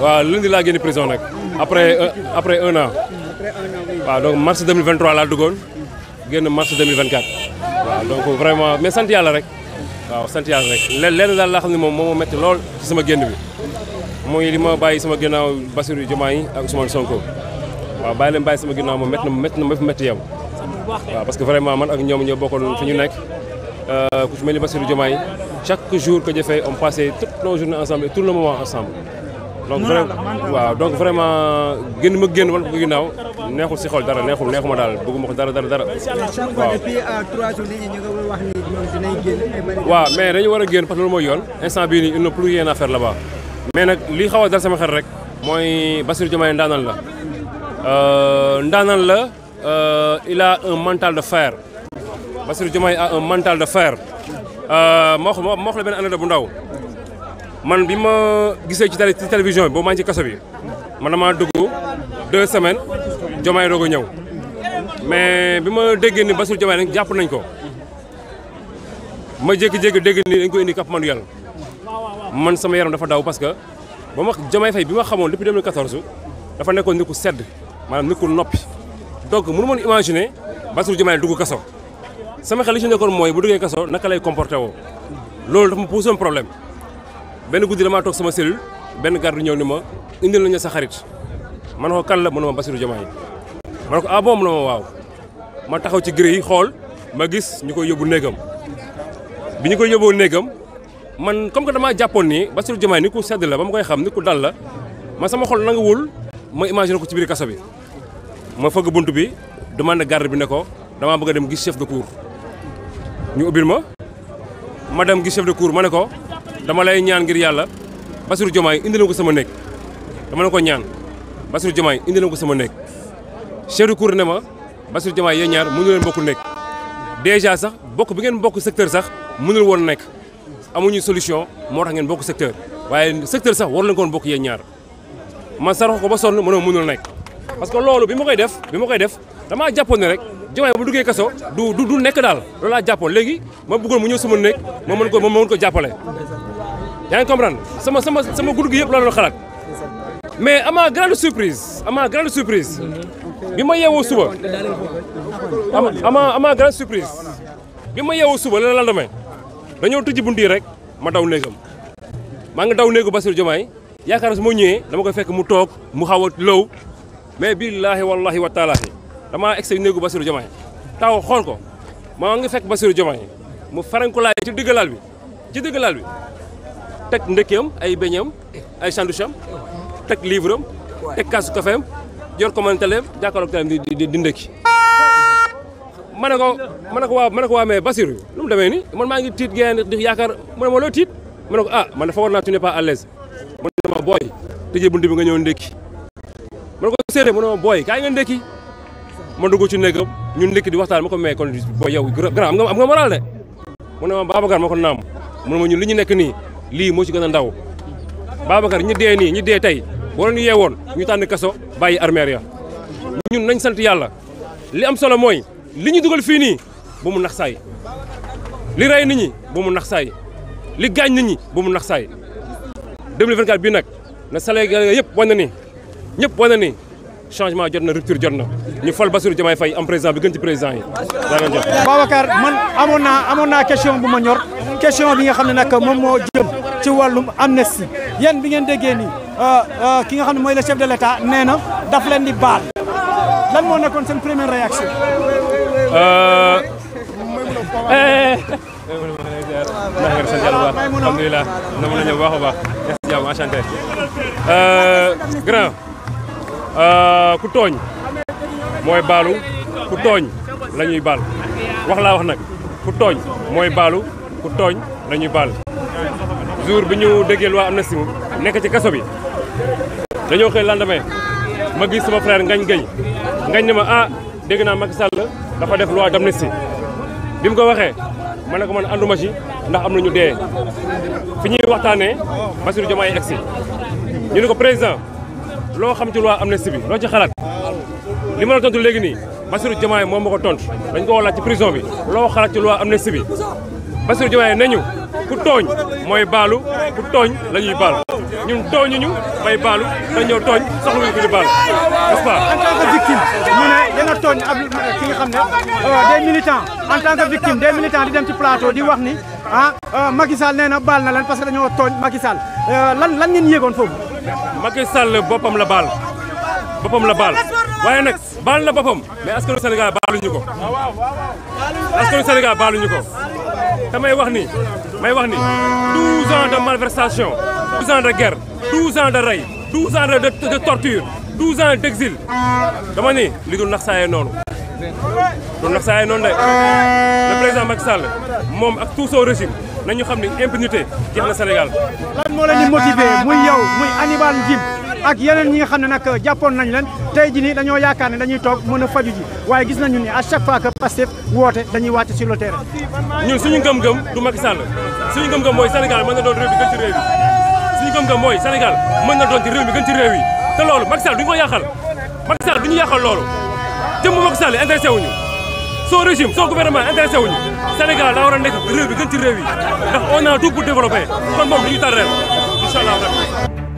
waaw lundi laa génn prison nak. après euh, après un an. waaw donc mars 2023 laa duggoon génn mars 2024. waaw donc vraiment mais sant Yalla rek. waaw sant Yalla rek lenn dal la xamni mom momo metti lol ci sama genn bi Moy li ma bàyyi sama gennaw Bassirou Diomaye ak Ousmane Sonko waaw bàyyi leen bàyyi sama gennaw mom metti na métti na ma fi métti yow. waaw parce que vraiment man ak ñoom ñoo bokkoon fi ñu Euh ku ci mel ni Bassirou Diomaye chaque jour que jëfee on passait toute nos journées ensemble et tout le moment ensemble. donc vraiment waaw donc vraiment génn ma génn wan ko ginnaaw neexul si xool dara neexul neexuma daal bëgguma ko dara dara dara. Euh, waaw mais dañu war a génn parce que loolu mooy yoon instant bii nii il n'a plus rien à faire mais nag li xaw a dal sama xel rek mooy Bassirou Diomaye ndaanaan la euh, ndaanaan la euh, il a un mental de fair Bassirou Diomaye a un mental de fer ma wax ma wax la benn anecdote bu ndaw. man bima gisé ci télé télévision bo boo ci kasso bi man dama duggu deux semaines jomay rogo ñew mais bima déggé ni basul jomay nak japp nañ ko ma jékki-jékki dégg ni dañ ko indi Cap Manuel man sama yaram dafa daw parce que bama jomay fay bima xamone depuis 2014 dafa nekkoon nit ku sedd manam nit ku noppi donc mënu moon imaginer basul jomay duggu kasso sama xel li ci nekkoon moy bu duggé kasso naka lay comporter wo lolou dafa ma un problème ben guddi damaa tok sama cellule ben garde ñew ni ma indil nañu sa xarit man ko kan la mënuma basiru jamaay man ko ah bom la ma waw ma taxaw ci gree yi xol ma gis negam koy man comme que dama japon ni basiru jamaay ni ku sedd la bam ma koy xam ni ku dal la ma sama xol nanguwul ma imagine ko ci biir bi ma fëgg buntu bi demande garde bi ne ko dama bëgg dem gis chef de cour ñu ubil ma madame gis chef de cour mané ko dama lay ñaan ngir yàlla Bassirou Diomaye indi na ko sama nekk dama la ko ñaan Bassirou Diomaye indi na ko sama nekk chef de cour ne ma Bassirou Diomaye yéen ñaar mënu leen bokk nekk déjà sax bokk bi ngeen bokk secteur sax mënul woon nekk amuñu solution moo tax ngeen bokk secteur waaye secteur sax war leen koon bokk yéen ñaar man sarax ko ba sonn mënoo mënul nekk parce que loolu bi ma koy def bi ma koy def damaa jàppoon ne rek Diomaye bu duggee kaso du nekk daal loolu laa jàppoon léegi ma bëggoon mu ñëw sama nekk ma man ko ma mën ko jàppale Yang kau comprendre sama sama sama gudd gi yëpp kelak. la ama mais à grande surprise ama ma grande surprise bima ma suba ama ama grande surprise bima ya yeewoo suba la lendemain dañoo tëj bunt yi rek ma daw néegam maa ngi daw néegu Bassirou Diomaye yaakaar su ma ñëwee dama ko fekk mu mu low mais billaahi wallahi wa taalaahi damaa egsi néegu Bassirou Diomaye taw xool ko maa ngi fekk Bassirou Diomaye mu faranku ci digg bi ci bi tek ndekiyam ay beñam ay sanducham tek livreum tek kasu kafem jor ko mantelem jakalo tan di di ndeki manako manako wa manako wa mais basir lum demé ni man ma ngi tit gën di yakar man mo lo tit manako ah man dafa na tu n'es pas à l'aise man boy tejé buntu bi nga ñew ndek manako sété man boy kay nga ndeki man dugo ci negam ñun ndek di waxtaan mako mais kon boy yow grand am nga am nga moral de man ma babagar mako nam man ma ñun li nek ni lii moo ci gën a ndaw Babacar ñi dee nii ñi dee tey wala ñu yeewoon ñu tànn kaso yi armeer ya ñun nañ sant yàlla li am solo mooy li ñu dugal fii nii bu mu nax saay li rey nit ñi bu mu nax saay li gaañ nit ñi bu mu nax saay 2024 bi nag na Sénégal yëpp wane ni ñëpp wane ni changement jot na rupture jot na ñu fal Bassirou Diomaye Faye am président bi gën président yi daa ngeen man amoon naa amoon naa question bu ma question bi nga xam ne nag moom moo jëm ci wàllum amnistie yéen bi ngeen déggee nii euh, euh, ki nga xam ne mooy le chef de l'État nee na daf leen di baal lan moo nekkoon seen première réaction. alhamdulilah na mën nañu baax a baax merci jàmm enchanté euh, grand ku tooñ mooy baalu ku tooñ la baal wax laa wax nag ku tooñ mooy baalu ku tooñ la ñuy baal jour bi ñu déggee loi amnistie nekk ci kaso bi dañoo xëy lendemain ma gis sama frère ngañ gañ ngañ ne ma ah dégg naa Macky Sall dafa def loi d'amnistie bi mu ko waxee ma ne ko man ànduma ci ndax am na ñu dee fi ñuy waxtaanee Bassirou Diomaye egsi ñu ne ko président loo xam ci loi amnistie bi loo ci xalaat li ma la tontu léegi nii Bassirou Diomaye moom ma ko tont dañ ko woo laaj ci prison bi loo xalaat ci loi amnistie bi Bassirou Diomaye nañu ku tooñ mooy baalu ku tooñ la baal ñun tooñuñu bay baalu dañoo tooñ soxla ñu ko ñu baal nest victime ñu ne danga tooñ ab ki nga xam ne euh, des militants en tant que victime des militants di dem ci plateau di wax ni ah euh, Macky Sall na baal na leen parce que dañoo tooñ Macky Sall euh, lan lan ngeen yéegoon foofu. Macky boppam la baal boppam la baal waaye nag baal na boppam mais askanu Sénégal baaluñu ko askanu Sénégal baaluñu ko. damay wax 12 ans de malversation 12 ans de guerre 12 ans de rey 12 ans de torture 12 ans d'exil dama ni le président Maxal, Sall mom ak tout son régime nañu xam impunité dans le Sénégal lan ce qui motiver Hannibal ak yeneen ñi nga xam ne nag jàppoon nañ leen tey ji ni dañoo yaakaar ne dañuy toog mën a faju waaye gis nañu ni à chaque fois que Pastef woote dañuy wàcc sur le terrain ñun suñu ngëm-ngëm du Macky suñu ngëm-ngëm mooy Sénégal mën na doon réew bi gën ci suñu ngëm-ngëm mooy Sénégal mën na doon ci réew bi gën ci réew yi te loolu Macky Sall duñu ko yàqal Macky Sall duñu yàqal loolu jëmm Macky Sall intéressé wuñu son régime son gouvernement intéressé wuñu Sénégal daa war a nekk réew bi gën ci réew yi ndax